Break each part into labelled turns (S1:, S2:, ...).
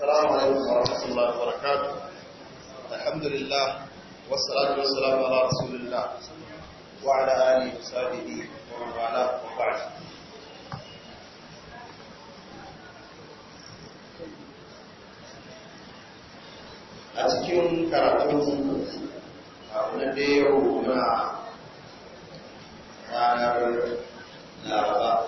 S1: السلام عليكم ورحمة الله وبركاته الحمد لله والصلاة والسلام على رسول الله وعلى آله وصحبه ومن والاه وبعد a cikin karatun abu na da لا na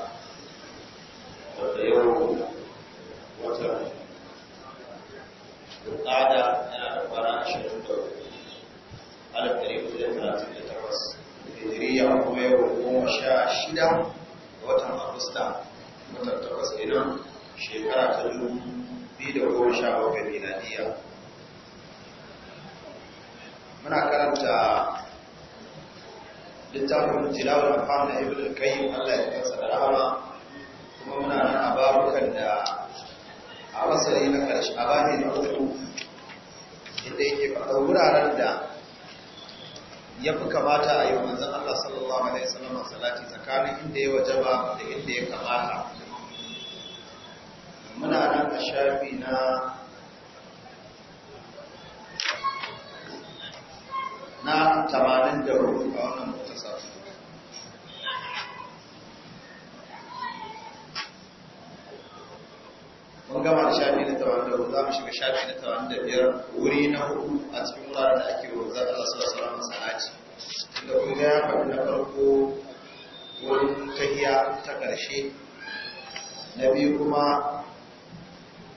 S1: akwai kuma yau goma sha shida ga watan agusta watan takwas kenan shekara ta dubu biyu da goma sha bakwai miladiya muna karanta littafin tilawar amfani na ibn al-qayyim Allah ya kansa da rahama kuma muna nan a babukan da a wasari na karshe a bani na hudu inda yake faɗa wuraren da ya fi kamata a yi manzan Allah sallallahu Alaihi wasallam salati tsakanin inda ya ba da inda ya kamata. Muna nan a shafi na na tamanin da rubu a wannan mutasa. Mun gama da shafi na tamanin da rubu. ga shafi na tawani da biyar wuri na hudu a cikin wuraren da ake wa a Allah sallallahu alaihi wasallam salati da kuma ya faɗi na farko wurin tahiya ta ƙarshe na biyu kuma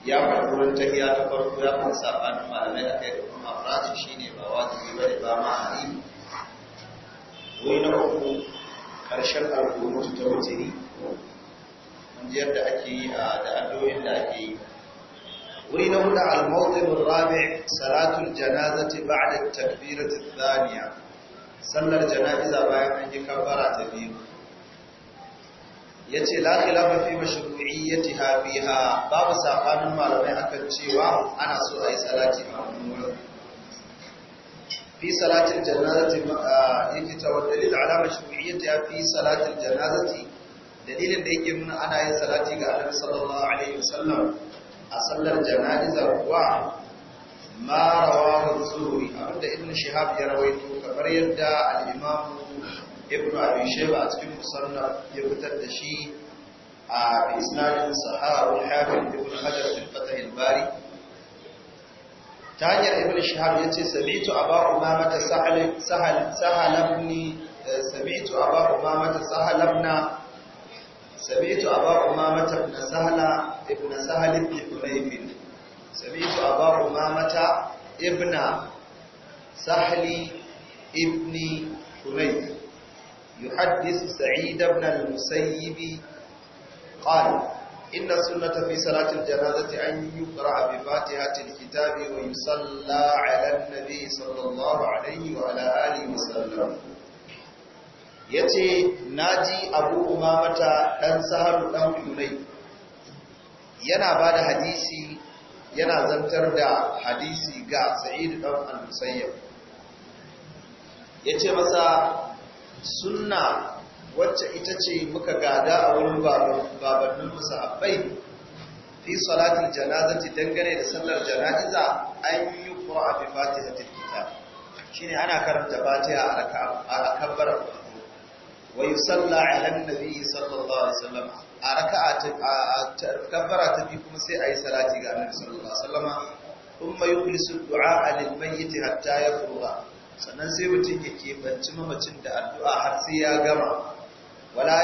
S1: ya faɗi wurin tahiya ta farko ya faɗi sabanin malamai kai da kuma shi ne ba wajibi ba ne ba ma hali wuri na uku ƙarshen alƙunutu ta wutiri mun ji yadda ake yi da da'adoyin da ake yi wuri na hudu al-mawdhi'ur rabi' salatul janazati ba'da at-takbirati ath-thaniya sallar jana'iza bayan an yi kafara ta biyu yace la khilafa fi mashru'iyyatiha fiha babu sabanin malamai akan cewa ana so ayi salati a wannan fi salatil janazati eh, yake cewa dalil ala mashru'iyyatiha fi salatil janazati dalilin da yake nuna ana yin salati ga Annabi a sallar jana'iza wa ma rawahu zuri zuhri abinda ibn shihab ya rawaito kamar yadda al-imam ibn abi shayba a cikin musannaf ya fitar da shi a isnadin sahih al-hafiz ibn hajar fi fath al-bari tajir ibn shihab yace sabitu aba umama ta sahal sahal sahal ibn eh, sabitu aba umama ta sahal ibn sabitu aba umama ta sahal ابن سهل بن حنيف سمعت أبا أمامة ابن سهل ابن حنيف يحدث سعيد بن المسيب قال إن السنة في صلاة الجنازة أن يقرأ بفاتحة الكتاب ويصلى على النبي صلى الله عليه وعلى آله وسلم yace naji abu umamata dan sahalu dan kunai yana ba da hadisi yana zantar da hadisi ga sa'id ɗan al Ya ce masa sunna wacce ita ce muka gada a wurin babannin musahabbai fi salatin janazati dangane da sallar jana'iza an yi qur'a da tilkita shi ne ana karanta fatiha a kabbarar wa yusalla biyu nabi sallallahu alaihi Sallam? a raka ta kabbara ta biyu kuma sai ayi salati ga Annabi sallallahu alaihi wasallama kuma yukhlisu du'a lil mayyit hatta yafruga sannan sai mutum ya banci mamacin da addu'a har sai ya gama
S2: wala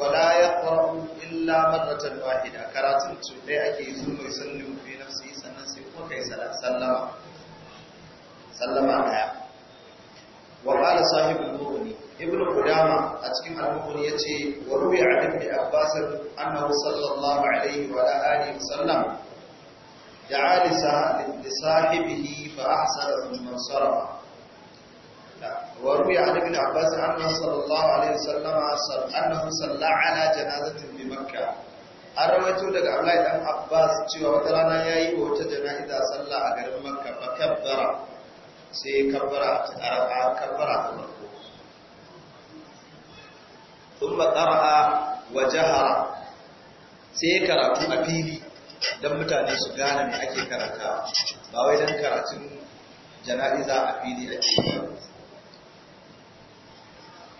S2: wala
S1: yaqra'u illa marratan wahida karatun su dai ake yi mai sallin fi nafsi sannan sai kuma kai sallama sallama daya wa qala sahibul mughni ibn qudama a cikin al-bukhari yace wa ruwi an ibn abbas annahu sallallahu alaihi wa alihi wasallam da'a li sahibihi fa ahsara min sarafa wa ruwi sallallahu alaihi wasallam annahu salla ala janazatin bi makkah an rawaito daga Allah dan Abbas cewa wata rana ya yi yayi wata janaza sallah a garin Makka fa kabbara sai kabbara a a farko thumma qara'a wa jahara sai karatu a fili dan mutane su gane me ake karata. ba wai dan karatun jana'iza a fili ake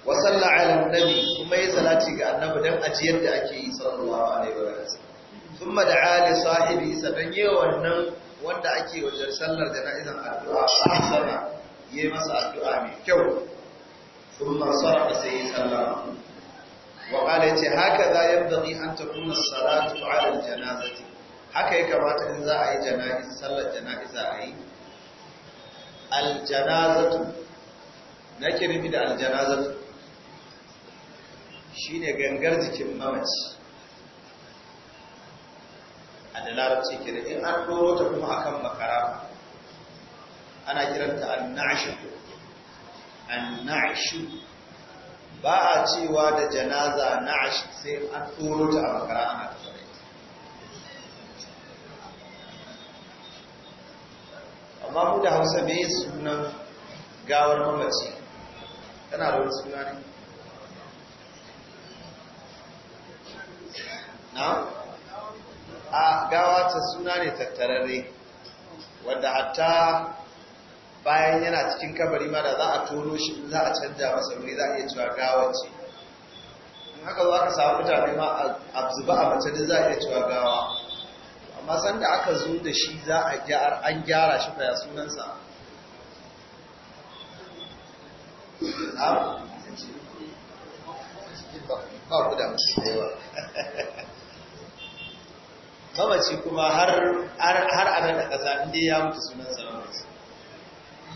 S1: wa salla ala annabi kuma yi salati ga annabi dan ajiyar da ake yi sallallahu alaihi wa sallam thumma da li sahibi sanan yi wannan wanda ake wajen sallar jana'izan addu'a sama yi masa addu'a mai kyau thumma sarfa sai yi sallama wa ya ce haka za yabdhi an takuna salatu ala aljanazati haka ya kamata in za a yi jana'iz sallar jana'iza a yi aljanazatu nake nufi da aljanazatu shine gangar jikin mamaci a da larabci in an ta kuma akan makara ana kiranta ba a cewa da janaza na sai an turo ta a makara ana tafiya amma mu da hausa me sunan gawar mamaci tana da wani suna ne na a gawa ta suna ne tattararre wadda hatta bayan yana cikin kabari ma da za a tono shi za a canja masa wuri za a iya cewa gawace in haka za ka samu mutane ma a zuba a mace da za a iya cewa gawa amma sanda aka zo da shi za a gyara an gyara shi fa ya sunansa ba ku da musu yawa mamaci kuma har a nan da ƙasa inda ya mutu sunansa ba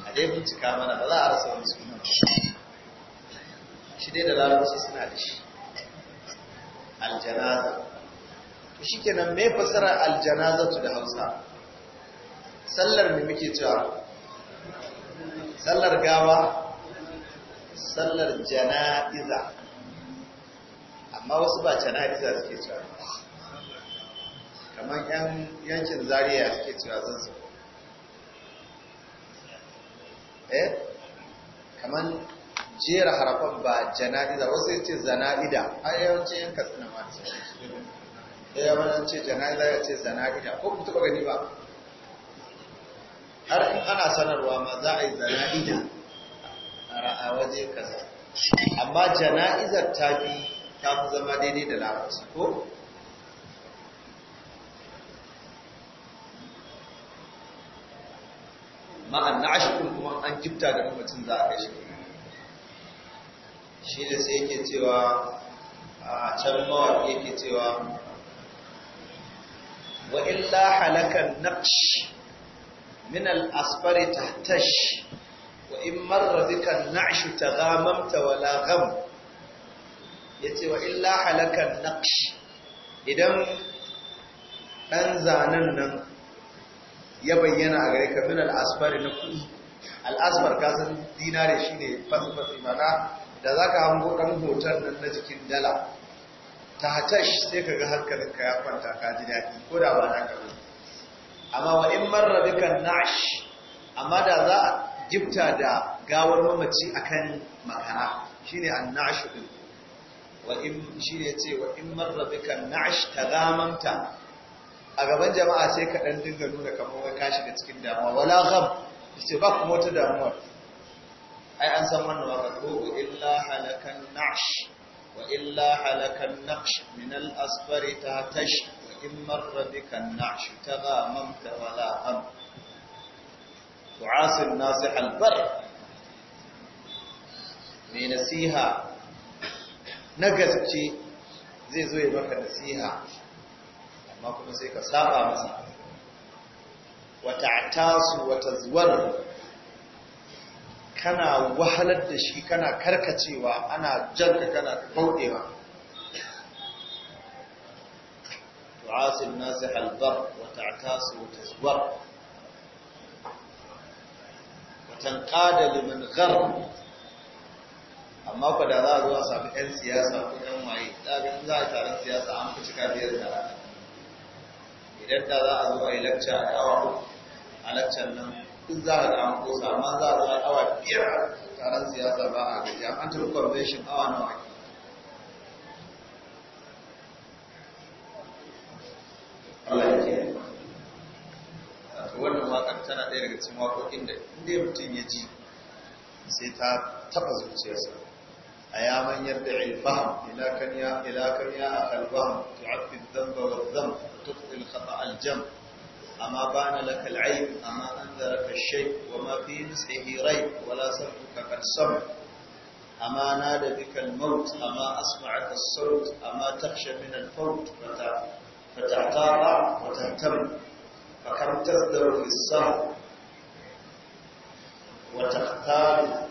S1: a dai bincika mana ba za a rasa wani suna shi dai da larabci suna da shi aljanaza to shi kenan me fasara tu da hausa sallar mai muke cewa sallar gawa sallar jana'iza amma wasu ba jana'iza suke cewa kamar yankin zariya suke cewa zan su eh kaman jera harafan ba jana'iza wasu ya ce zana'ida a yawancin yanka suna Eh ya yawan ce jana'iza ya ce zana'ida ko kuma gani ba har in ana sanarwa ma za a yi zana'ida a waje kaza amma jana'izar ta fi ta fi zama daidai da larabci ko ma'an na'ashi an gifta da mamacin za a kashe shi da sai yake cewa a can mawar yake cewa wa illa halakan naqsh min al-asfari tahtash wa in marra bika an-na'sh taghamamta wala gham yace wa illa halakan naqsh idan dan zanan nan ya bayyana a gare ka min al-asfari na kuɗi al'asfar kasan dinare ne fasfasi mana da za ka hango ɗan hoton nan na jikin dala ta hatash sai ka ga hankalin ka ya kwanta ka ji daɗi ko da ba na ba amma wa in marra bika nash amma da za a jifta da gawar mamaci a kan makara shine annash din ɗin shi ne ce wa in marra bika ta zamanta a gaban jama'a sai ka ɗan dinga nuna kamar wai ka shiga cikin damuwa wala gham ce ba kuma wata damuwa ai an san wannan waka ko illa halakan na'sh wa illa halakan naqsh min al asfari ta tash wa in marra bika na'sh ta wala am tu'asir nasih al bar me nasiha na gaske zai zo ya maka nasiha amma kuma sai ka saba masa wa ta'tasu wa kana wahalar da shi kana karkacewa ana janka kana bauɗewa tu'asil nasi halbar wa ta'tasu wa tazwar wa tanqada liman ghar amma ko da za a zo a samu 'yan siyasa ko 'yan waye za a ga za a taron siyasa an fi cika biyar da rana idan za a zo a yi lakca a awa a lakcan nan duk za a dama ko amma za a zama awa biyar taron siyasa ba a gaji an tafi convention awa na waki Allah ya kiyaye to wannan waƙar tana ɗaya daga cikin waƙoƙin da inda mutum ya ji sai ta taɓa zuciyarsa أيا من يدعي الفهم إلى كن يا إلى كن يا أخ الوهم تعفي الذنب والذنب وتخفي الخطأ الجم أما بان لك العيب أما أنذرك الشيء وما في نسعه ريب ولا صوتك كالسمع أما نال بك الموت أما أسمعك الصوت أما تخشى من الفوت فتعتارى وتهتم فكم تصدر في السهر وتختال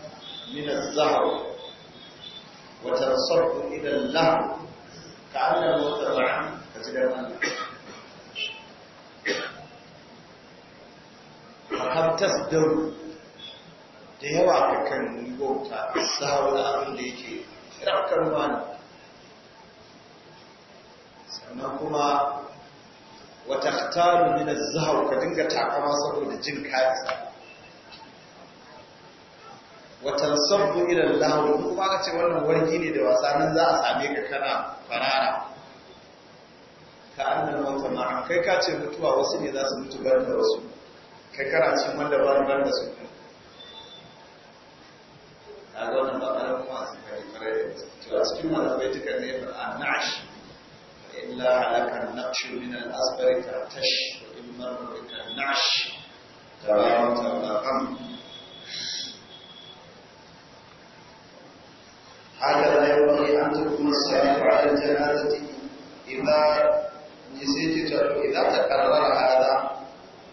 S1: من الزهر وترصدت إلى اللهو كأنه تبعا فتدمنا فقد تصدر da yawa ka kan bauta sahawar abin da yake rakar bani sannan kuma wata taru min az ka dinga takama saboda jin kaji wata sabbu irin lahu kuma aka ce wannan wargi ne da wasa nan za a same ka kana farara ka annal wata ma'a kai ka ce mutuwa wasu ne za su mutu bar da wasu kai kana cin wanda ba bar da su ka ga wannan ba ƙarar kuma su kai kare to a cikin wannan bai tuka ne ba a na'ash illa alaka naqshu min al-asbari ta tash wa imma bika na'ash tabaraka wa ta'ala هكذا ينبغي أن تكون الصلاة على الجنازة إذا نسيت إذا تكرر هذا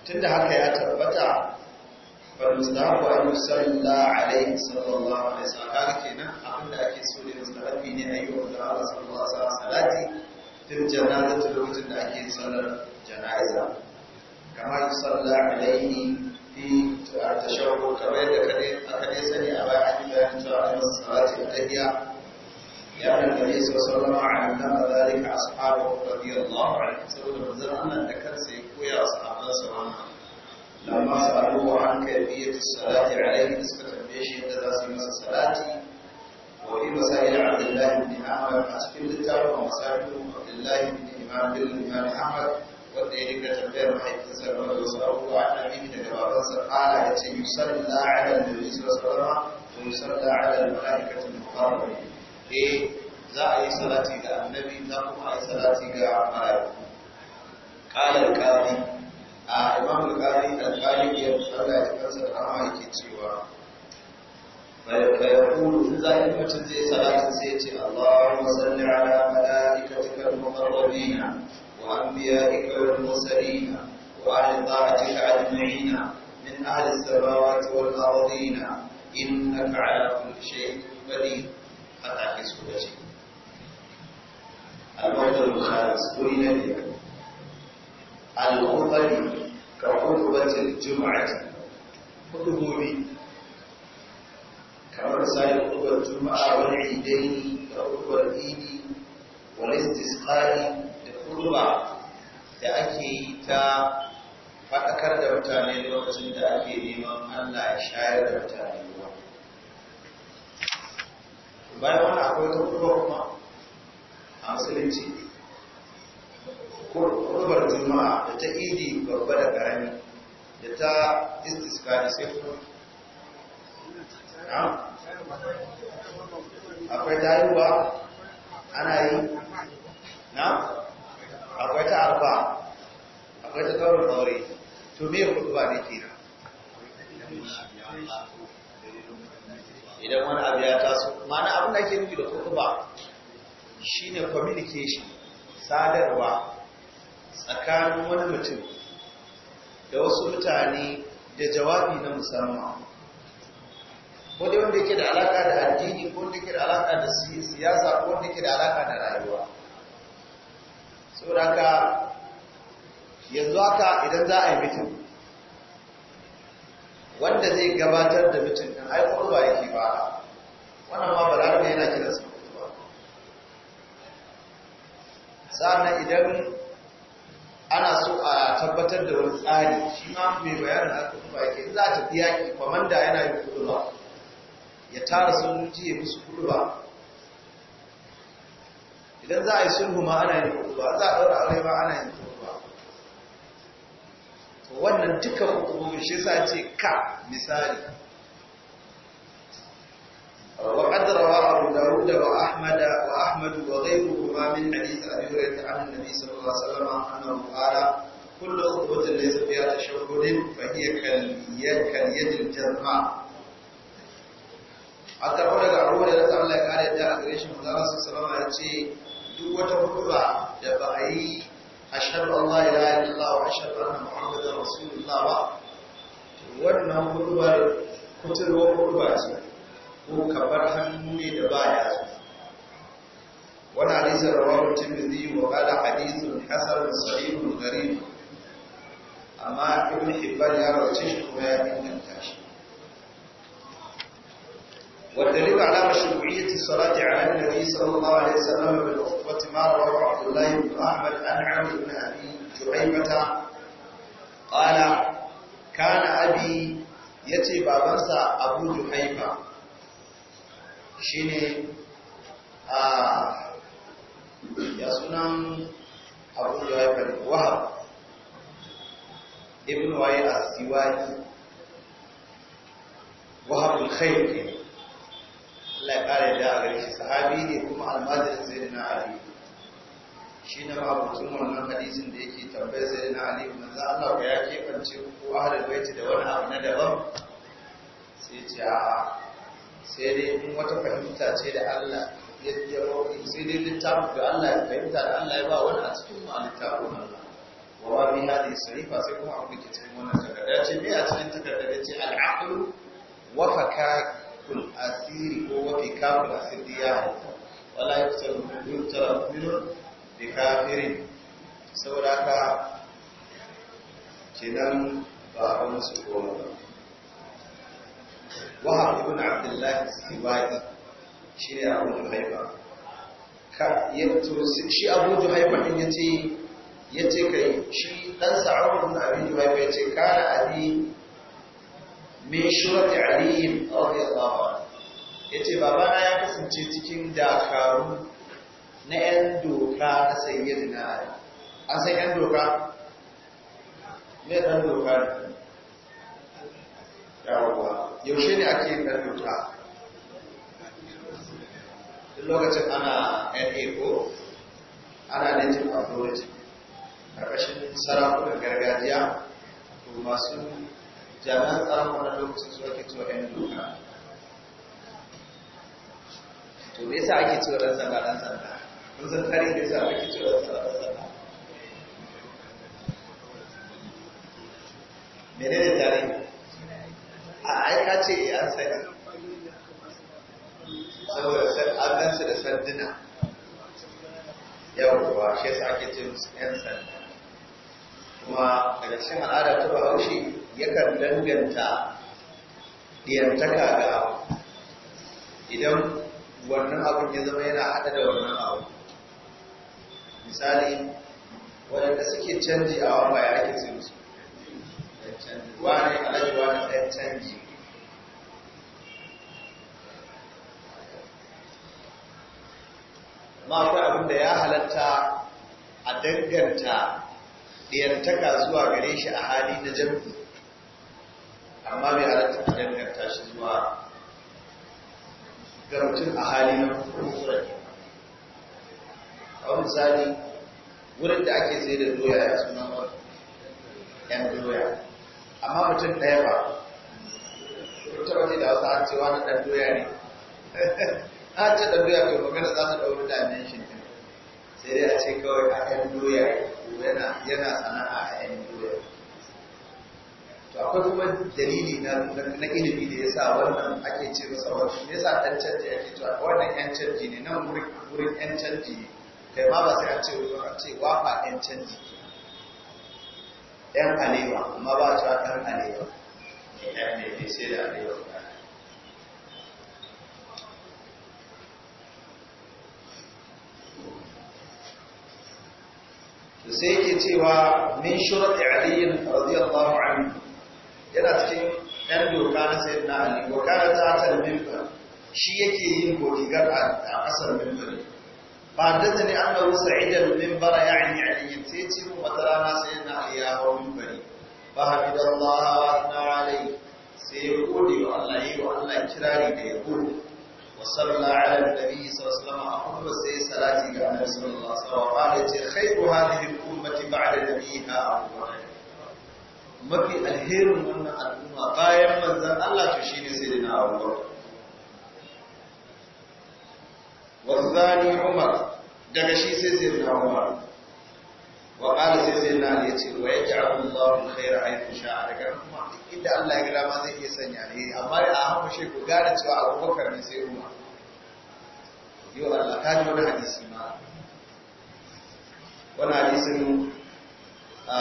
S1: تندهك يا تربتع فالمستحب أن يصلى عليه صلى الله عليه وسلم هذا كنا أقول لك سوري مستحبين أيها الله صلى الله عليه وسلم صلاتي في الجنازة لوجد أكيد صلى الجنازة كما يصلى عليه fi tashawwur kamar yadda aka a baya an yi bayanin cewa an masa salati da tahiyya ya annabi sallallahu alaihi wasallam allama dhalika ashabahu radiyallahu da kansa ya koya wa sahabbansa wannan
S2: lamma sa'aluhu
S1: an kayfiyati salati alaihi da suka tambaye shi yadda za su yi masa salati wa fi masail cikin littafin masail Ahmad wanda ya dinga tambayar mahaifinsa game da wasu abubuwa ana daga babansa kala ya ce yusalla ala nabi sallallahu alaihi wasallam wa yusalla ala malaikati muqarrabin eh za a yi salati ga annabi za kuma a yi salati ga malaiku kala al a imam al-qadi al-qadi ya Allah ya kansa da amma yake cewa فيقول ذلك تجزي صلاة سيتي اللهم صل على ملائكتك المقربين وأنبيائك والمرسلين وعن طاعتك أجمعين من أهل السماوات والأرضين إنك على كل شيء قدير أتعكس كل شيء الموت الخامس قل لك الخطب كخطبة الجمعة خطبوني كما سائر خطبة الجمعة والعيدين كخطبة العيد والاستسقاء kurba da ake yi ta faɗakar da mutane lokacin da ake neman Allah ya shayar da mutane ruwa. Bayan wani akwai ta kurba kuma a musulunci. Kurbar juma'a da ta idi babba da ƙarami da ta istiska da sefu. Akwai tayuwa ana yi na? akwai ta arba akwai ta taurin aure to me hudu ba ne kira idan wani abu ya taso mana abin da ke nufi da hudu ba shine communication sadarwa tsakanin wani mutum da wasu mutane da jawabi na musamman wadda wanda ke da alaka da addini ko wanda ke da alaka da siyasa ko wanda ke da alaka da rayuwa tsoraka yanzu haka idan za a yi mutum wanda zai gabatar da mutum ɗin ba ya yake ba wannan ma rarraba yana kiransa ba sa'an idan ana so a tabbatar da wani tsari shi ma mai bayanin al'umma yake za ta fi yaƙi kwamanda yana yin kuduba ya tara ji ya musu kuduba idan za a yi sulhu ma ana yin kutuba za a daura aure ma ana yin kutuba to wannan duka hukumomi shi sa ce ka misali wa qadara wa abu dawud wa ahmad wa ahmad wa ghayruhu ma min hadith abi hurairah an nabi sallallahu alaihi wasallam anna qala kullu ukhuwati laysa fiha tashahhudin fa hiya kal yakal yadil jazma' a karɓar ga abubuwan da Allah ya kare ta a gare shi manzo Allah sallallahu alaihi wasallam ya ce duk wata hutuba da ba a yi ashhadu an la ilaha illallah wa ashhadu anna muhammadar rasulullah ba wannan hutubar kuturwar hutuba ce ko ka bar hannu ne da ba ya zo wani hadisin rawar tirmidhi wa qala hadithun hasan sahih gharib amma ibn hibban ya rauce shi kuma ya inganta shi والدليل على مشروعية الصلاة على النبي صلى الله عليه وسلم بالخطبة ما رواه عبد الله بن أحمد عن عمرو بن أبي جريمة قال كان أبي يتي بابنسا أبو جحيفة شيني آه يا سنان أبو جحيفة وهب ابن وائل السواكي وهب الخير Allah ya kare da gare shi sahabi ne kuma almajirin sayyidina Ali shi ne mabutun wannan hadisin da yake tambayar sayyidina Ali manzo Allah ya kebance ko ahli baiti da wani abu na daban sai ce a sai dai in wata fahimta ce da Allah ya sai dai littafin da Allah ya fahimta da Allah ya ba wani a cikin mu a littafin Allah wa ma bi hadi sarifa sai kuma abu da ke cikin wannan takarda ce me a cikin takarda ce al-aqlu wa fakaka asiri ko wafi kafin asiri ya hauka wala ya kusa rubutar minun da kafirin saboda haka kenan ba a musu kowa ba wahab ibn abdullahi siwaki shi ne abu haifa ka ya to shi abu juhaifa din ya ce kai shi dan sa'ad ibn abi juhaifa yace kana ali mai min shurati alihim radiyallahu anhu yace babana ya kasance cikin dakaru na yan doka na sayyar na ari an san yan doka me dan doka ne yawwa yaushe ne ake yin dan doka duk lokacin ana yan ko ana native authority ƙarƙashin sarakunan gargajiya to masu Jangan tsaron wannan lokacin su yang cewa to me yasa ake dan sanda dan sanda kun san kare da yasa ake dan sanda dan sanda menene tare a aika ce saya sani saboda gansu da sanduna Yau shi yasa ake musu kuma daga cikin al'adar ta bahaushe yakan danganta diyantaka ga abu idan wannan abun ya zama yana haɗa da wannan abu misali waɗanda suke canji a wamba ya ake ce musu wani alaji wani ɗan canji ma akwai abin da ya halatta a danganta ɗiyartaka zuwa gare shi a hali na jamfi amma bai halatta a ta shi zuwa ga mutum a hali na kuma a wani misali wurin da ake sai da doya ya suna wa ‘yan doya amma mutum ɗaya ba ta wani da wasu an cewa na ɗan doya ne a ce ɗan doya to magana za su ɗauri shi ne sai dai a ce kawai a yan doya yana sana'a a yan doya to akwai kuma dalili na ilimi da ya sa wannan ake ce masa wasu ya sa ɗan canji ake cewa wannan yan canji ne nan wurin yan canji ne kai ma ba sai a ce a ce wafa yan canji yan alewa amma ba a cewa ɗan alewa ne ɗan ne sai da alewa da sai yake cewa min shurat aliyin radiyallahu anhu yana cikin ɗan doka na na ali wa ta ta'atal mimbar shi yake yin godigar a ƙasar mimbar ba da ta ne idan sa'idan ya yi aliyin sai ce mu wata rana na ali ya mimbar ba fa hamidallahi allah na alai sai ya gode wa Allah yi wa Allah kirari da yabo وصلى على النبي صلى الله عليه وسلم أحب سي صلاتي على النبي صلى mafi alherin wannan al'umma bayan manzan Allah to shine sayyidina Abu Bakar wa zani Umar daga shi sai na Umar wa qala sai sai na ali yace wa yaj'alu Allahu al-khayra haythu sha'a daga kuma inda Allah ya gida ma zai iya sanya alheri amma a hawa shi ku gane cewa Abubakar ne sai Umar yau Allah ka ji wani hadisi ma wani hadisin a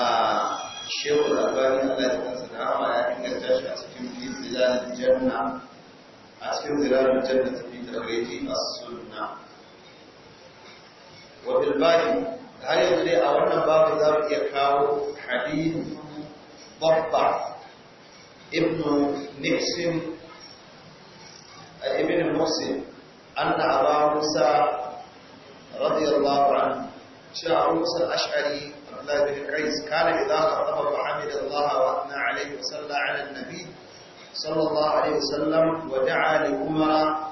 S1: shehu labarin Allah ya kansa da hama ya inganta shi a cikin fizilan janna a cikin zilalar janna ta fi tarreti a sunna wa bilbani har yanzu dai a wannan babu za mu iya kawo hadisin babba ibn nixon a ibn musim an da abu musa radiyar labaran cewa abu musa ashari labirin kai kana idan ka taba muhammad allah wa na alaihi wasallam ala nabi sallallahu alaihi wasallam wa da'a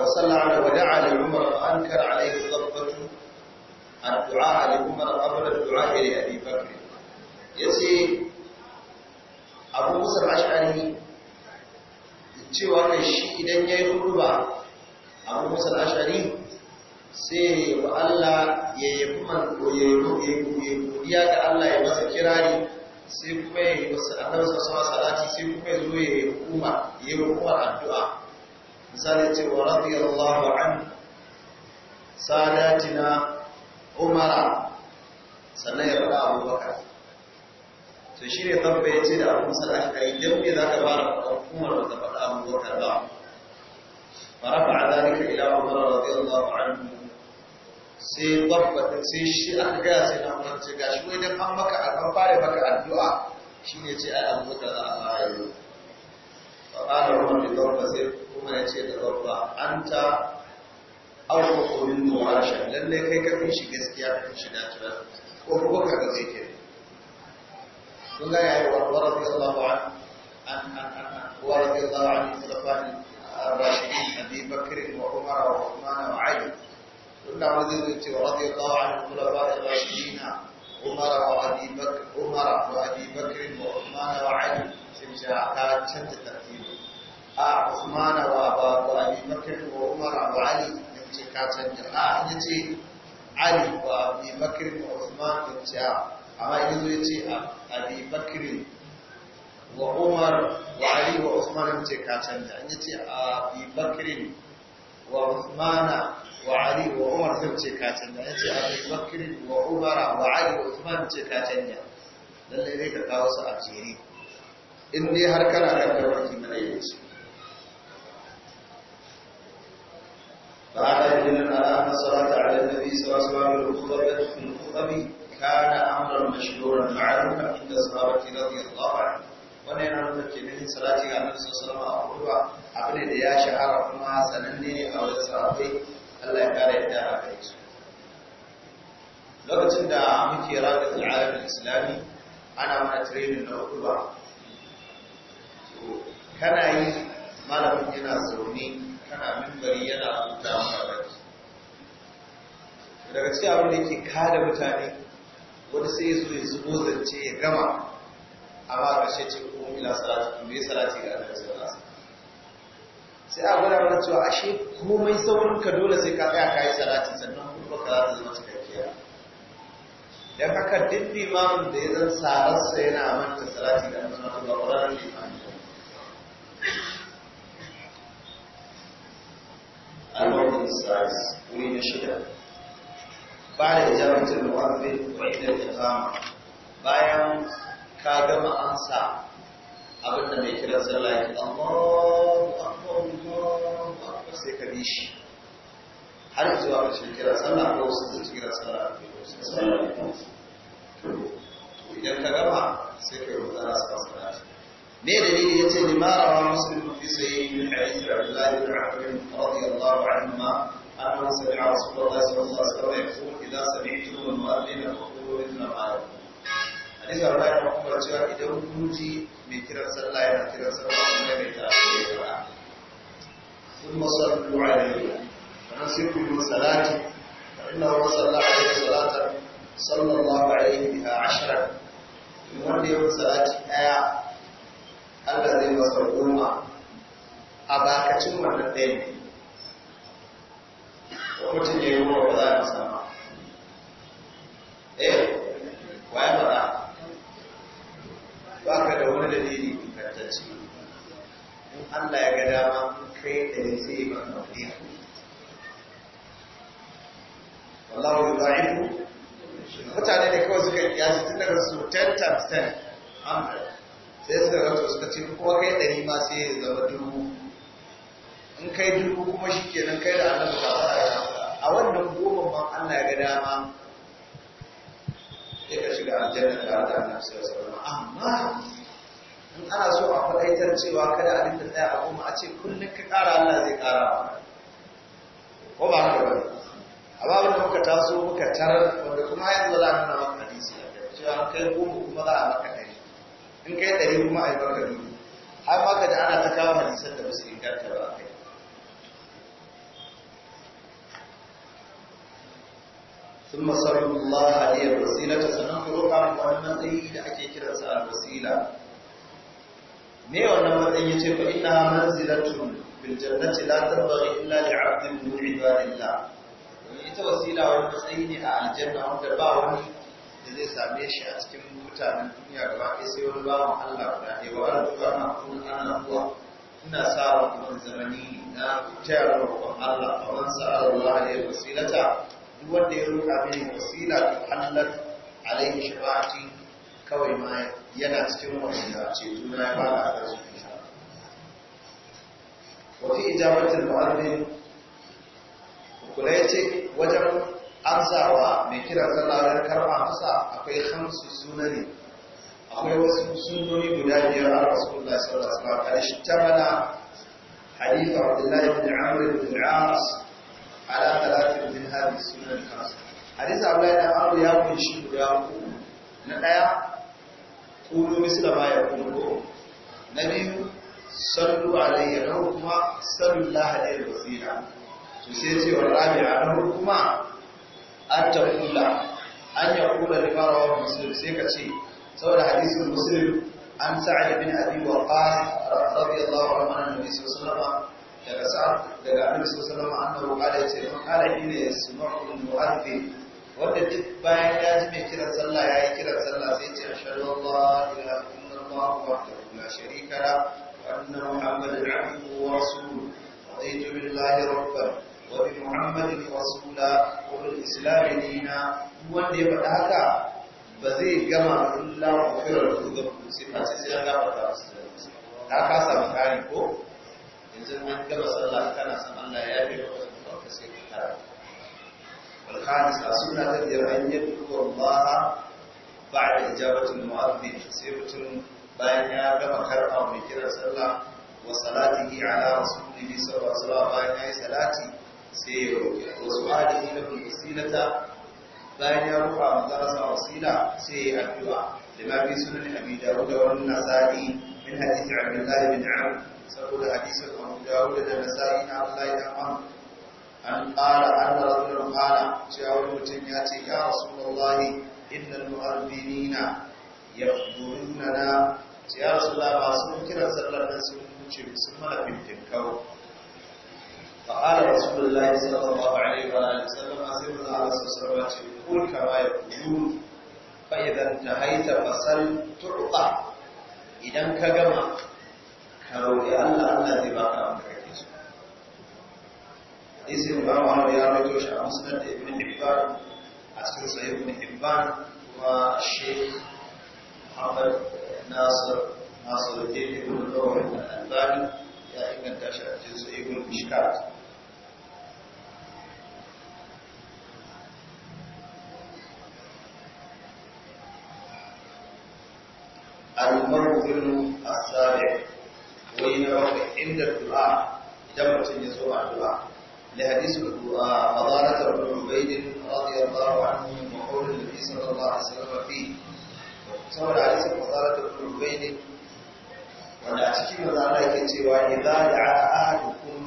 S1: وصلى على ودعا لعمر فأنكر عليه الضربة الدعاء لعمر قبل الدعاء لأبي بكر يسي أبو موسى الأشعري cewa kai shi idan ya yi huduba abu musul ashari sai wa Allah ya yi manko ya yi godiya Allah ya masa kirari sai kuma ya yi wasu annabi sallallahu salati sai kuma ya zo ya yi hukuma ya yi hukumar addu'a misali ce wa radiyallahu an sadatina umara sannan ya faɗa abubakar to shi ne tabba ya ce da abin sadaka kai idan me za ka fara faɗa umar ba ta faɗa abubakar ba فرفع ذلك إلى عمر رضي الله عنه sai babba sai shi aka gaya sai na umar ce gashi wai dan an maka an fara maka addu'a shine ce ai abu da za a fara yi fa qala umar li babba sai kuma ya ce da rabba an ta arzuku min mubarasha lalle kai ka fi shi gaskiya ka fi shi dacewa ko kuma ka ga zai ke kun ga yayi wa wa radiyallahu an an an wa radiyallahu an safani ar-rashidin abi bakr wa umar wa uthman wa ali kullu radiyallahu ce wa radiyallahu an khulafa ar-rashidin umar wa abi bakr umar wa abi bakr wa uthman wa ali sai ta canza tartibi a Usman wa Abu Ali Bakr wa Umar wa Ali yace ka canja a yace Ali wa Abu Bakr wa Usman yace amma yanzu yace Abu Bakr wa Umar wa Ali wa Usman yace ka canja yace Abu Bakr wa Usman wa Ali wa Umar yace ka canja yace Abu Bakr wa Umar wa Ali wa Usman yace ka canja lalle dai ka kawo su a jere in dai har kana karɓar wani mai yace فعلى يدل على أن الصلاة على النبي صلى الله عليه وسلم في الخطب كان أمرا مشهورا معروفا عند الصحابة رضي الله عنهم wannan yana nuna kenan salati ga annabi sallallahu alaihi wasallam a kurba da ya shahara kuma sananne ne a wajen sahabbai Allah ya kare da a su lokacin da muke rada al'adar islami ana mana training na kurba kana yi malamin yana zaune kana mimbari yana da maka daga cikin abin da yake kada mutane wani sai ya zo ya zubo zance ya gama amma a ƙarshe ce ko ila salatu ko bai salati ga Allah sallallahu alaihi sai a gwada mana cewa ashe komai saurin ka dole sai ka tsaya kai salati sannan kuma ka zata zama cikakkiya dan haka duk limamin da ya zan sararsa yana manta salati da Allah ba ƙwararren limami stars wuri na shida ba da ijaratul mu'abbid wa bayan ka gama ansa abin da mai kira sallah ya Allahu akbar sai ka bi shi
S2: har kira sallah ko wasu da kira sallah
S1: idan ka gama sai ka yi wa tsara me dalili yace limara wa muslim fi sahihi min hadith Abdullah ibn Umar radiyallahu anhuma anna sami'a Rasulullah sallallahu alaihi wasallam yaqul idza sami'tum al-mu'adhdhin faqulu inna al-ayat hadith Abdullah ibn Umar cewa idan kun ji mai kiran sallah yana kiran sallah kuma mai ta kira kuma sallu alaihi wa sallu salati inna wa sallallahu alaihi salatan sallallahu alaihi biha ashra wanda ya salati daya Allah zai masa goma a bakacin wannan ɗaya mutum ya yi ba za a masa ba eh waye fara ba ka da wani dalili ingantacce in Allah ya ga dama kai da ne yi maka wani wallahu yudha'ifu mutane ne kawai suka kiyasi tun daga su 10 times 10 100 sai suka rato suka ce kowa kai ɗari ma sai ya zama dubu in kai dubu kuma shi kenan kai da annabi ka fara ya a wannan goma ma Allah ya ga dama ya ka shiga aljanna tare da annabi sallallahu alaihi wasallam amma in ana so a faɗaitar cewa kada abin da tsaya a goma a ce kullum ka ƙara Allah zai ƙara ba ko ba haka ba a ba wani muka taso muka tarar wanda kuma ya zala nuna maka hadisi cewa kai goma kuma za a maka in kai ɗari kuma a yi baka biyu har ka da ana ta kawo hadisar da basu inganta ba a ta sanar ku roƙa عليه الوسيلة سننفرق da ake kiransa a wasila me wannan matsayin ya ce ba ina manzilatun bil jannati la tarbaghi illa li 'abdin min 'ibadillah ita wasila wani matsayi ne a aljanna wanda ba wani zai same shi a cikin mutanen duniya gaba ɗaya sai wani ba mu Allah guda ɗaya wa ana zuwa na kuma ana kuwa ina sa wa kuma zamani na tayar roƙon Allah a wani sa'ar Allah ya wasilata duk wanda ya roƙa mini wasila ta Allah alaihi shafati kawai ma yana cikin wanda ceto na ya fara a ƙarshen وفي إجابة kula وكليتك wajen amsawa mai kira sallar karba masa akwai hamsu sunani akwai wasu sunoni guda biyar a rasulullah sallallahu alaihi wasallam karshe ta mana hadith abdullahi bin amr bin al-as ala talatin min hadhihi sunan khas hadith abdullahi bin amr ya kunshi guda uku na daya qulu misla ma yaqulu na biyu sallu alayya na kuma sallallahu alaihi wasallam to sai ce wa rabi'a na kuma an ta kula an ya kula da farawa musulun sai ka ce saboda hadisin musulun an sa'ad bin abi waqas radiyallahu anhu annabi nabi sallallahu daga sa daga annabi sallallahu alaihi wasallam annahu ce man qala inna yasma'u al-mu'adhdhin wanda duk bayan ya ji mai kiran sallah ya yi kiran sallah sai ce ashhadu an la ilaha illallah wahdahu la sharika lahu wa anna muhammadan abduhu wa rasuluhu raditu billahi rabban وبمحمد رسولا وبالإسلام دينا wanda ya faɗa haka ba zai gama illa kofirar rugar kusi ba sai sai gama ta wasu da ka samu kari ko yanzu an gama sallah kana san Allah ya fi maka ba ka sai ka tara والخامس السنة التي أن يذكر الله بعد إجابة المؤذن سيرة بين كما كرم من كرة صلى وصلاته على رسوله صلى الله عليه وسلم sai ya roƙi wasu alihi na wasilata bayan ya rufa mazarasa wasila sai ya yi addu'a da ma fi sunan abi dawud da wani nasari min hadisi abdullahi bin amr saboda hadisin abu dawud da nasari na abdullahi da amr an ƙara an da rajulun ƙara cewa wani mutum ya ce ya rasulullahi innal mu'azzirina yaqduruna na ya rasulullah masu kiran sallar nan sun wuce sun mana fintin kawo فقال رسول الله صلى الله عليه وآله وسلم أسرنا على سسروات قل كما يقولون فإذا انتهيت فسل تعطى إذا كجمع كروي الله الذي بقى حديث الإمام أحمد يا رب توش مسند ابن حبان أسكن صحيح ابن حبان والشيخ محمد ناصر ناصر الدين ابن الروح الألباني يا إن تشأت صحيح المشكات idan mutum ya zo addu'a لحديث فضالة بن عبيد رضي الله عنه وقول النبي صلى الله عليه وسلم فيه saboda hadisin fasara da kurbai wanda a cikin maza yake cewa ne za da ahadukum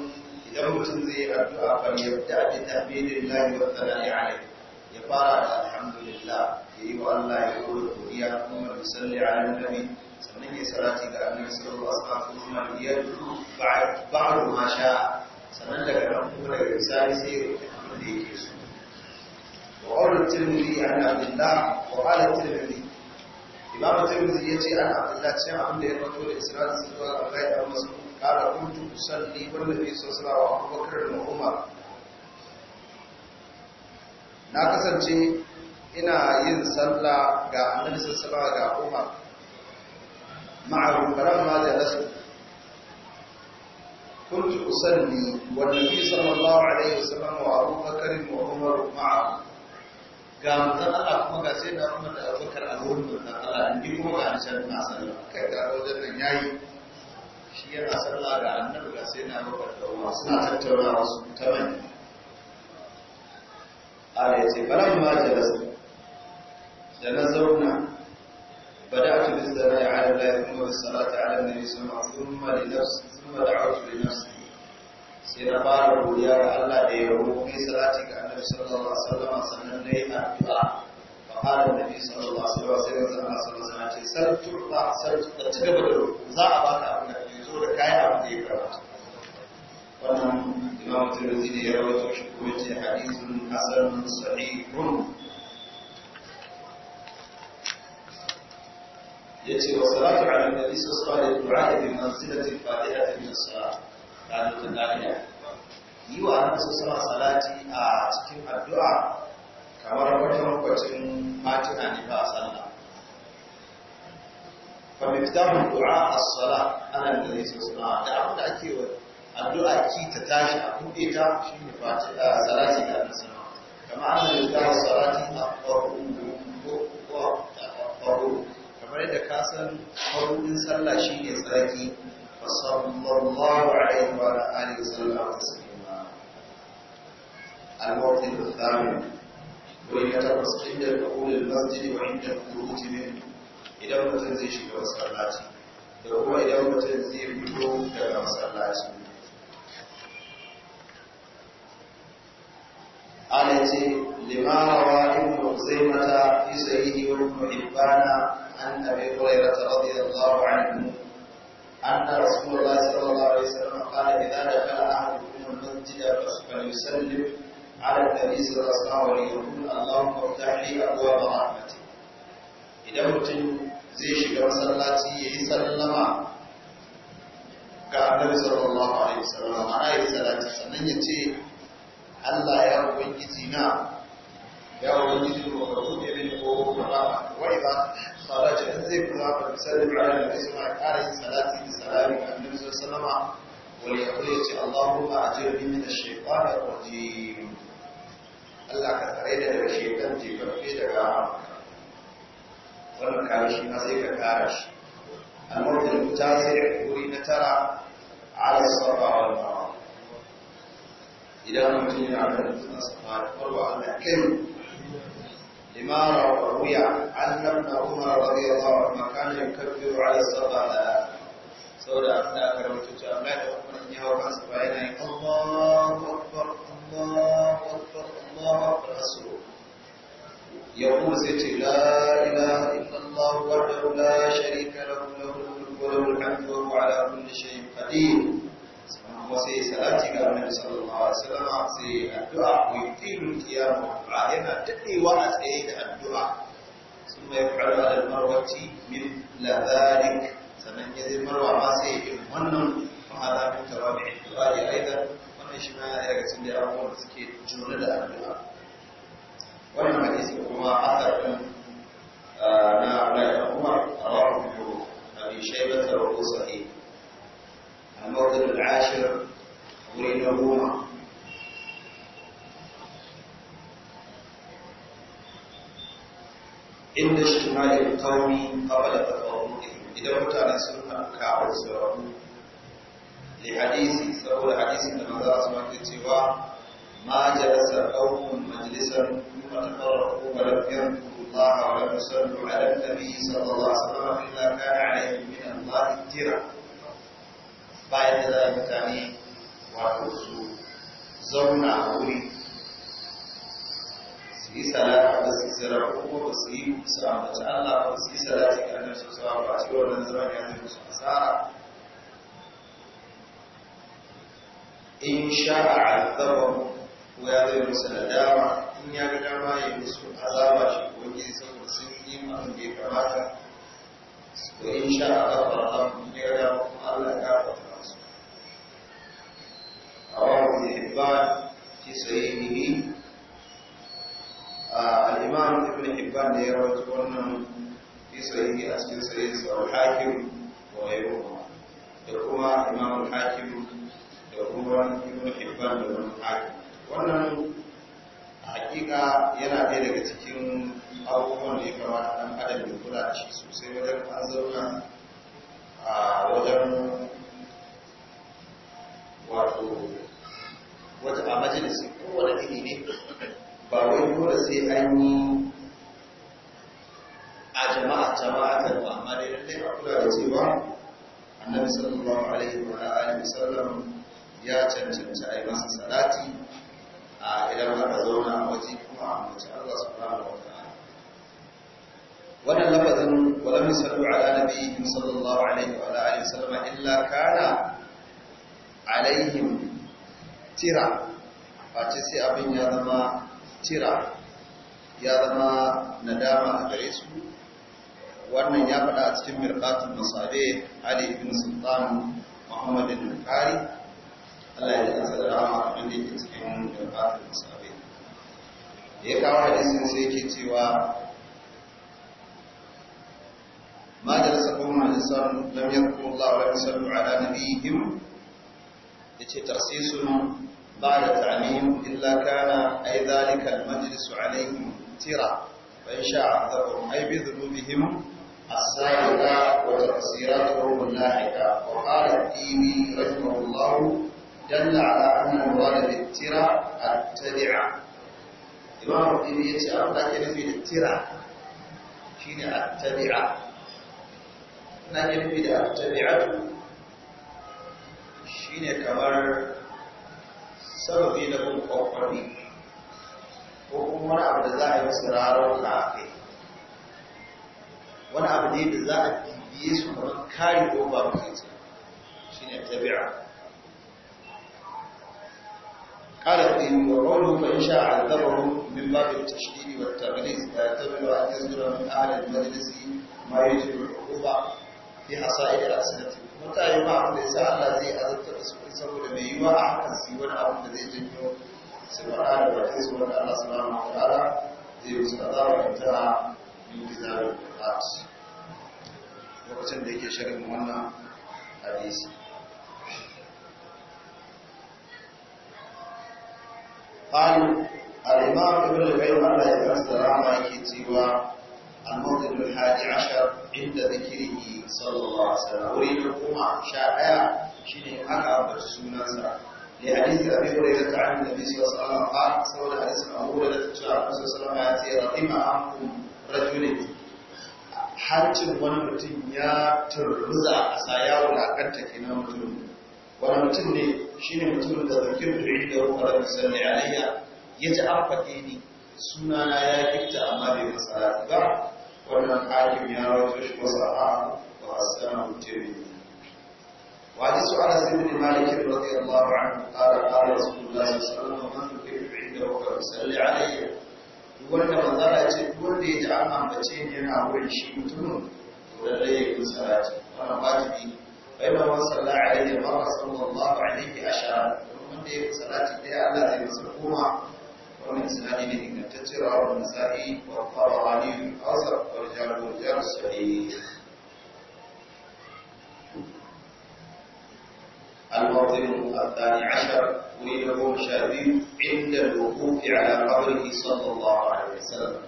S1: idan mutum zai yi addu'a bal yabda bi tahmidillahi wa tsanani alayhi ya fara da alhamdulillah ya yi wa Allah ya godiya kuma musalli ala nabi sannan ya salati ga annabi sallallahu alaihi wasallam kuma ya ba'd ba'd ma sha sannan daga nan kuma daga misali sai abin yake so wa qala tirmidhi an abdullah wa qala tirmidhi imam tirmidhi ce an abdullah ce abin da ya rawato da isra'il sallallahu alaihi wasallam qala kuntu usalli wa nabi sallallahu alaihi wasallam abubakar da umar na kasance ina yin sallah ga annabi sallallahu alaihi wasallam ga umar معه فلما جلست كنت أصلي والنبي صلى الله عليه وسلم وأبو بكر وعمر معه قام تنقى كما قال سيدنا عمر أبو بكر أقول من تنقى عندي كما قال سيدنا مع صلى الله كيف قالوا جنة ياي شيئا صلى الله عليه النبي قال سيدنا أبو بكر وصنع تتولى رسول تمام قال يتي فلما جلست جلس ربنا بدأت بالثناء على الله ثم بالصلاة على النبي صلى الله عليه وسلم ثم لنفسي ثم دعوت لنفسي sai na fara godiya ga Allah da ya roƙo kai salati ga Annabi sallallahu alaihi wasallam sannan nayi addu'a fa fara Annabi sallallahu alaihi wasallam sai manzo Allah sallallahu alaihi wasallam ce sar turba sar da ci gaba da roƙo za a baka abin da ya zo da kayan abin da ya karanta wannan yace wa salatu ala nabi sallallahu alaihi wa sallam bi manzilati fatiha min as-salat kana tunaniya yi wa annabi sallallahu salati a cikin addu'a kamar wata kwacin fatiha ne ba sallah fa miftahu du'a as-salat ana nabi sallallahu alaihi wa sallam da ake wa addu'a ki ta tashi a buɗe ta shine fatiha salati da annabi sallallahu kamar annabi sallallahu alaihi wa a ko kamar da ka san mabuɗin sallah shi ne tsarki a sallallahu alaihi wa alihi sallallahu alaihi al al wa in katabas al-masjid wa inda min idan mutum zai shiga masallaci da kuma idan mutum zai fito daga masallaci قال لما روى ابن خزيمة في عن أبي هريرة رضي الله عنه أن رسول الله صلى الله عليه وسلم قال إذا دخل أحدكم المسجد فليسلم على النبي صلى الله عليه وسلم وليقول اللهم افتح لي أبواب رحمتك إذا mutum zai shiga masallaci ya yi sallama ga annabi sallallahu alaihi wasallam ana yi Allah ya ubangiji na ya ubangiji ko ka buɗe mini ko ba wa idza tsara ce in zai kula ba da sallin bayan da zai ma ƙara yin salati da salari a annabi sallama wani ya kula ya ce Allahumma ajirni min ash-shaytanir rajim Allah ka tsare da daga shaytan jibabbe daga wannan kare shi ma sai ka kare shi A al ta al-mutasir wuri na tara ala safa wal marwa idan mutum yana da safa da farwa Allah kai لما روي أن ابن عمر رضي الله عنه كان يكبر على الصلاة سورة أثناء كلمة جامعة ومن أنها وقص بعينه الله أكبر الله أكبر الله أكبر أسرور
S2: يقول سيتي لا إله
S1: إلا الله وحده لا شريك له له الملك وله الحمد وهو على كل شيء قدير kuma sai salati ga annabi sallallahu alaihi wasallam sai addu'a ko yutilul qiyam addu'a yana dadewa a tsaye da addu'a sun mai fara da marwati min la zalik sannan ya zai marwa ma sai in wannan fa'ala min tawabi addu'a ya aida wannan shi ma ya daga cikin da abubuwan da suke jona da addu'a wannan hadisi kuma asar din na Abdullahi Umar rawahu Abi Shaybah wa Sahih الموطن العاشر من الهومة إن اجتمال القوم قبل تفاوضهم إذا كنت أنا سنة كعب السرعون لحديث سأقول حديث من هذا رسمك التواء ما جلس قوم مجلسا ثم تفرقوا ولم ينكروا الله ولم يصلوا على النبي صلى الله عليه وسلم إلا bayan da za a mutane wato su zauna a wuri su yi salata ba su yi salata kuma ba su yi su ambaci Allah ba su yi salati ga nan su zuwa ba ce wannan zama ne an su asara in sha a azabahu ko ya zai musu da dama in ya ga dama ya musu azaba shi ko ne saboda sun yi mafi da ya kamata ko in sha a azabahu in ya ga dama kuma Allah ya kafa رواه ابن حبان في صحيحه الإمام ابن حبان يروي تقولنا في صحيحه أسكن صحيح الحاكم وغيرهما يقوم إمام الحاكم يقوم ابن حبان وابن الحاكم wannan hakika yana ɗaya daga cikin abubuwan da ya kamata ɗan adam ya kula da shi sosai wajen an zauna a wajen wato wata a majalisi ko wani iri ne ba wai dole sai an yi a jama'a jama'a kan ba amma dai lallai a kula da cewa annabi sallallahu alaihi wa alihi sallam ya cancanta a yi masa salati a idan aka zauna a waje kuma a mace Allah subhanahu wa ta'ala wannan lafazin wa lam yusallu ala nabiyyi sallallahu alaihi wa alihi wasallam illa kana alaihim tira face sai abin ya zama tira ya zama nadama a gare su wannan ya faɗa a cikin mirkatun masade ali ibn sultan muhammad bin qari Allah ya zai da a abin da yake cikin mirqatul masade ya kawo hadisin sai yake cewa ما جلس قوم عن الإنسان لم يذكر الله ولم يصلوا على نبيهم يجي تخصيص بعد تعميم إلا كان أي ذلك المجلس عليهم ترى فإن شاء عذرهم أي بذنوبهم السابقة وتفسيراتهم اللاحقة وقال الديني رحمه الله جل على أن المراد بالترى التبعة إمام الديني يتعرف لكن في الترى شين التبعة لكن في التبعة shine kamar sababi na bin kwakwari ko kuma wani abu da za a yi wasu rarar ka a kai wani abu ne da za a bibiye su kamar kari ko ba mu kai shine tabi'a قال الدين وقوله فإن شاء عذبهم من باب التشديد والتغليظ فيعتبر أن يصدر من أهل المجلس ما يجب العقوبة في حصائل ألسنتهم متى يقع الإنسان الذي yi ba a haka su wani abu da zai janyo su fara da su Allah su bana wa ta'ala zai yi su azaba da ta min kizarin Qur'an lokacin da yake shirin wannan hadisi قالوا الإمام ابن القيم الله يذكر سلامه الموطن الحادي عشر عند ذكره صلى الله عليه وسلم أريد القمع شاعر شيني أكا برسولنا سرع لحديث أبي هريرة عن النبي صلى الله عليه وسلم قال سورة حديث أبو هريرة صلى الله عليه وسلم يأتي رحم عنكم رجل حتى wani mutum ya turruza a sayawo da kanta ke na mutum wani mutum ne shi ne mutum da zarkin turi da rukarar misali suna na ya gifta amma bai masara ba wannan hakim ya rawaito shi Ba a wa asana mutane وحديث انس بن مالك رضي su. عنه da قال رسول الله صلى الله عليه وسلم da ذكر عنده فصل عليه
S2: wanda manzara ce
S1: wanda ya ji an ambace ne yana wurin shi mutumin lalle ya yi salati wannan wajibi bai ma wani sallah alaihi wa sallallahu alaihi ashara wanda ya yi salati ya Allah zai masa goma ومن سنن ابن التجر على النساء وقال علي الازرق ورجال ورجال السعيد الموطن الثاني عشر قيل له مشاربين عند الوقوف على قبره صلى الله عليه وسلم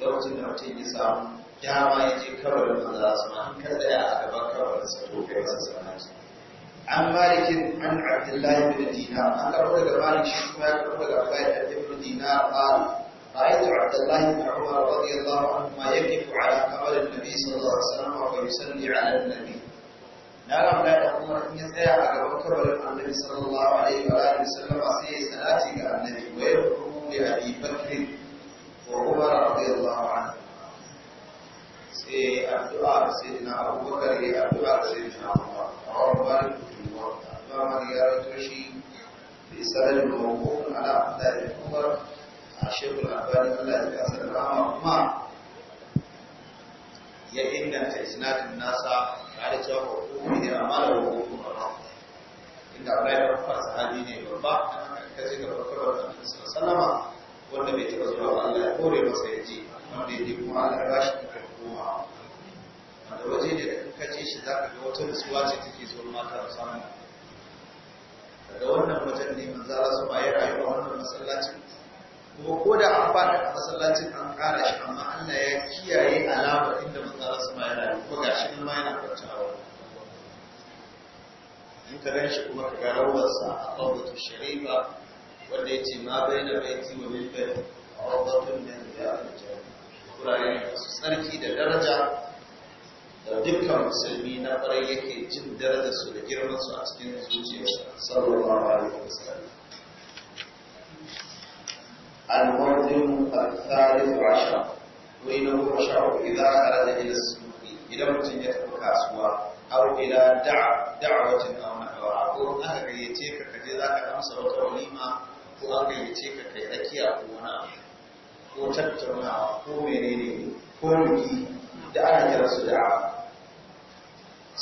S1: لو تنعتي النسام دعوة يجي كبر المدرسة ما هم كذا يا أبا كبر ستوكي وسسمعتي عن مالك عن عبد الله بن دينار عن رجل مالك شمال رجل عبد بن دينار قال رأيت عبد الله بن عمر رضي الله عنهما يقف على قبر النبي صلى الله عليه وسلم ويصلي على النبي نرى أولاد عمر أن يسعى على قبر النبي صلى الله عليه وآله وسلم وسيء صلاته على النبي ويدعو لأبي بكر وعمر رضي الله عنه sai addu'a sai na abubakar ya addu'a sai na umar رواه مالك في الموطأ إمام مالك يرى توشي بإسناد موقوف على عبد الله بن عمر الشيخ الألباني الله يجازى الرحمة ما ya inganta isnadin nasa tare cewa hukumu ne amma da hukumu ba ba inda Allah ya rafa sahabi ne babba ka ce ga farko da Annabi sallama wanda bai taba zuwa Allah ya kore masa yaji wanda a kuma Allah ya kuma wanda waje ne da kuka ce shi za ka ga wata nutsuwa ce take zuwa mata musamman
S2: daga wannan wajen ne manzo Allah su ya rayuwa
S1: a wannan masallacin kuma ko da an fada masallacin an kara shi amma Allah ya kiyaye alama inda manzo Allah su ya rayuwa ko gashi in ma yana kwantawa in ka ran shi kuma ka ga rawarsa a qawlatu sharifa wanda ce ma bai baina baiti wa minbar rawdatun min riyadil jannah kurare ne su tsarki da daraja da dukkan musulmi na farai yake jin darajar su da girman su a cikin zuciyarsa sallallahu alaihi wasallam المنظم الثالث عشر وإنه يشرع إذا خرج إلى السوق إلى متن يترك كاسوا أو إلى دع دعوة أو نحوها ko aka gayyace ka kaje za amsa wata walima ko an gayyace ka kai rakiya ko wani ko tattaunawa ko menene ko miki da ana su da'a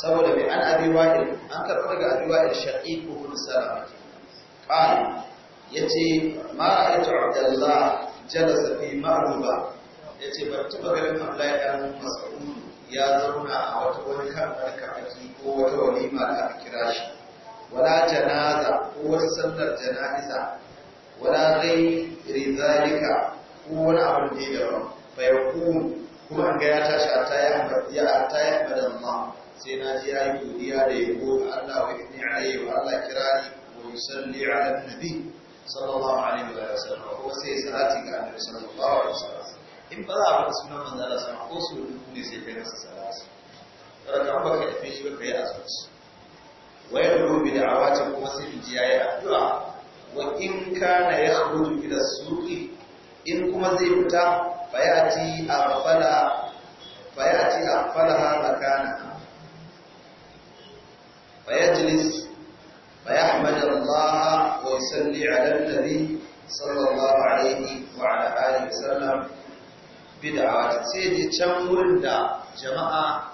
S1: saboda mai an abi wa'il an karɓi daga abi wa'il shaqiq ibn ƙan ya yace ma ra'aytu abdullah jalasa fi ce ba ta taba ganin abdullahi dan masu ya zauna a wata wani a kafaki ko wata ma da aka kira shi wala janaza ko wata sallar jana'iza wala ghairi zalika ko wani abu da ya daban fa kuma an ga ya tashi a tayi ya tayi Allah sai na ji yayi godiya da yabo ga Allah wa ibni alayhi wa Allah kirani wa yusalli ala nabi sallallahu alaihi wa sallam ko sai salati ga annabi sallallahu alaihi wa sallam in ba za a faɗa sunan manzo Allah sama ko su ne sai kai masa salati raka ba ka tafi shi ba kai azuci wa yadu bi da'awati kuma sai in ji yi addu'a wa in kana yakhruju ila suqi in kuma zai fita fayati a fala fayati a fala makana فيجلس فيحمد الله ويصلي على النبي صلى الله عليه وعلى آله وسلم بدعوات سيدي تنور دا جماعة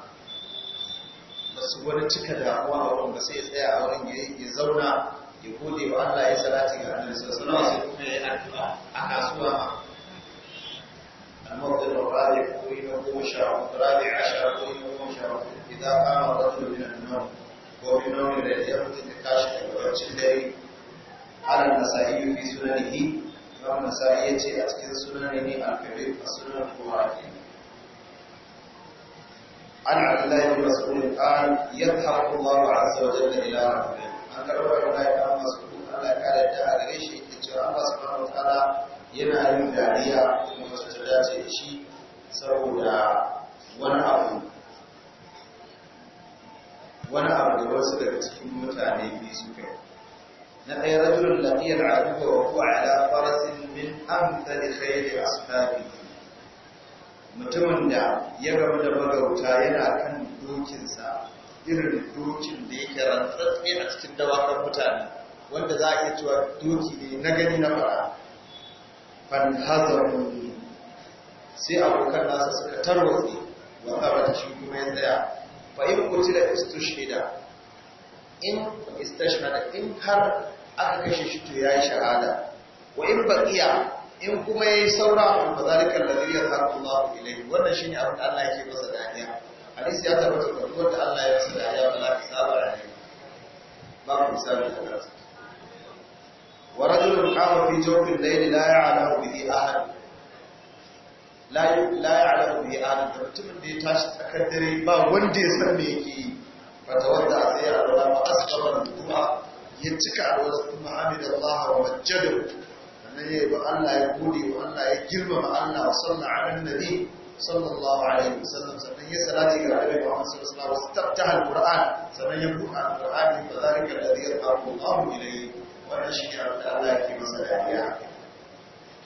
S1: basu wani cika damuwa a wurin ba sai tsaya a wurin ya zauna ya gode wa Allah ya salati ga Annabi sallallahu alaihi wasallam sai kuma ya addu'a a kasuwa ma المرض الرابع قوم وقوم شرع الرابع عشر قوم وقوم شرع إذا قام الرجل من النوم gobe nauyi da ya da kashi daga wancan dare ala nasa'i fi sunanihi imam nasa'i ya ce a cikin sunanihi al-kabir a sunan kuma عن عبد الله بن مسعود قال يذهب الله عز وجل الى ربه an karbar ruwaya ta masu Allah ya kare ta a gare shi ta cewa Allah subhanahu wataala yana yin dariya kuma wasu ta dace da shi saboda wani abu wani abu da wasu daga cikin mutane biyu suka yi na ɗaya rajulun lafiyar aduwa wa kuwa ala farasin min amsali khayri ashabi mutumin da ya gamu da magauta yana kan dokinsa irin dokin da yake rantsatsi a cikin dawakan mutane wanda za a iya cewa doki ne na gani na fara fanhazarun sai abokan nasa suka tarwatsi wa tsara shi kuma ya tsaya fa in qutila istushhida in istashhada in har aka kashe shi to yi shahada wa in baqiya in kuma ya yi saura fa zalika alladhi ba Allah ilayhi wannan shine abin da Allah yake masa dariya hadisi ya tabbata da wanda Allah ya masa dariya wala hisaba alayhi ba ku misali da kansa ورجل قام في جوف الليل لا يعلم به أحد la ya'lamu bi adam da mutumin da ya tashi tsakar dare ba wanda ya san me yake yi fata wanda sai ya alwala ba asbaba du'a ya cika alwala kuma hamida Allah wa majjadu annan ya ba Allah ya gode wa Allah ya girmama Allah sallallahu alaihi nabi sallallahu alaihi wasallam sannan ya salati ga Annabi Muhammad sallallahu alaihi wasallam taftaha alquran sannan ya al alqurani fa zalika alladhi yarqabu Allah ilayhi wannan shi ne Allah yake masa dariya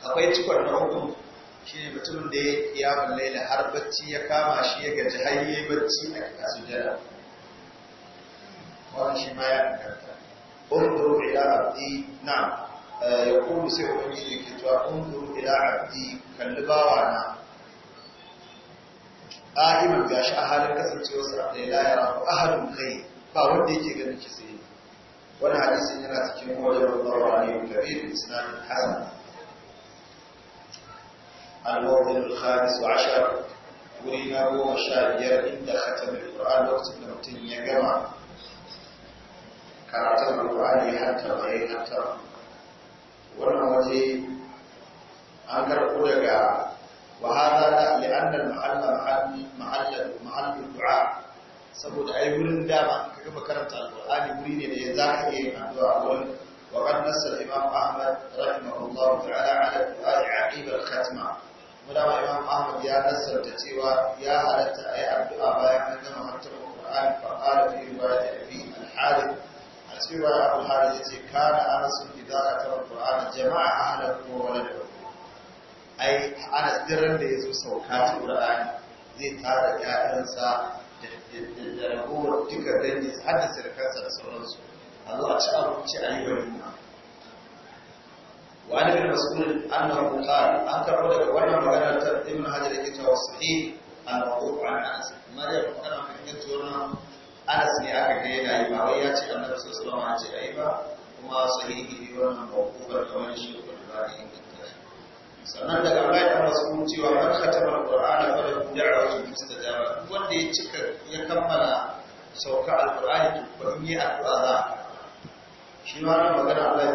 S1: akwai cikon na hukunci shine mutumin da ya kiyamun laila har bacci ya kama shi ya gaji har yayi bacci a sujada wannan shi ma ya karanta unzuru ila abdi na'am yaqulu sai wani yake cewa unzuru ila abdi kalli bawana qa'iman gashi a halin kasancewa sa da la yara ahadun kai ba wanda yake ganin shi sai wannan hadisi yana cikin wajen Allah wa alayhi kabir isnad hasan المؤمن الخامس عشر ورينا هو مشاهد يرى انت ختم القران وقت المتن يا جماعه قرات القران يا حتى غير حتى ورنا وجي اخر قولك وهذا لا لان المعلم معلم معلم الدعاء سبوت اي ورين دابا كما قرات القران يريد أن ذاك اي دعاء وقد نص الامام احمد رحمه الله تعالى على الدعاء عقيب الختمه Mulawa Imam Ahmad ya nassarta cewa ya halatta a yi addu'a bayan an gama martaba Qur'an fa qala fi riwayati Abi al a cikin riwaya Abu Harith yace kana Anas idza qara Qur'an jama'a ahlahu wa waladahu ai Anas dirran da yazo sauka ta Qur'ani zai tara ƴaƴansa da ragowar duka dangi har da sirkansa da sauransu a zo a ci abinci a yi وعن ابن مسعود انه قال ان كربو daga wannan magana ta ibn hajar yake cewa a an rawu an anas amma da magana mai inganci wannan anas ne aka ga yana yi ba wai ya ce annabi sallallahu alaihi wasallam ya ce ba kuma sahihi shi sannan daga Allah ya fara sun cewa man khatama alqur'ana fa lahu da'watun mustajaba wanda ya cika ya kammala sauka alqur'ani to ba yi addu'a shi ma magana Allah ya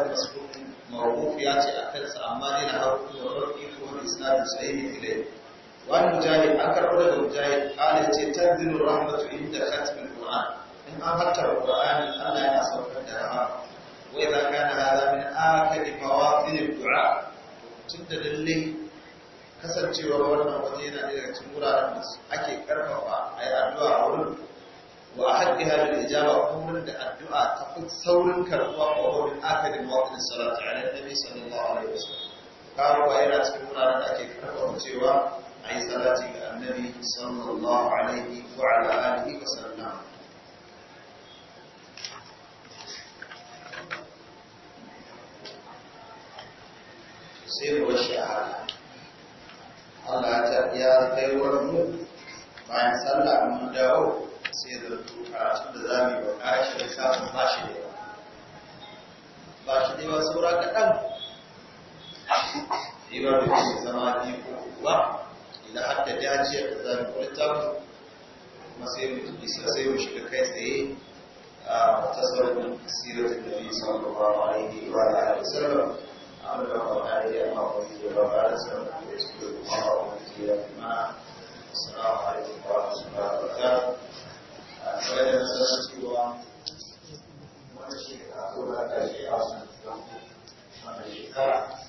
S1: mawuf ya ce a kansa amma dai na hau kuma rafi ko isnadu sai ne ilai wani mujahid an karɓar daga mujahid kala ce tanzilu rahmatu inda khatmin qur'an in an hattara qur'ani Allah yana saukar da wai za ka yana hadha min akadi filin ad tun tunda lalle kasancewar wannan waje yana daga cikin wuraren da ake karfafa ayi addu'a a wurin وأحدها بالإجابة قولا الدعاء تقول ثور كربوة وهو من آخر مواطن الصلاة على النبي صلى الله عليه وسلم قالوا وإلى تكون ذلك أكيد سوى أي صلاة النبي صلى الله عليه وعلى آله وسلم sai mu shi a haka Allah ta ya kai من دعوه sai da karatun da za mu yi wa kashi da shafin ba shi da yawa ba shi da yawa saura kaɗan ribar da ke zama biyu ko kuwa idan har da dajiyar da za mu kwalta kuma sai mu isa sai mu shiga kai tsaye a tasawurin siratul nabi sallallahu alaihi wa alihi wasallam amma da ba ta yi amma ba zai ba ba da sallallahu alaihi wa sallam ba ba zai yi amma السلام عليكم ورحمة الله وبركاته bayanin sanar cewa da ta shekara shekara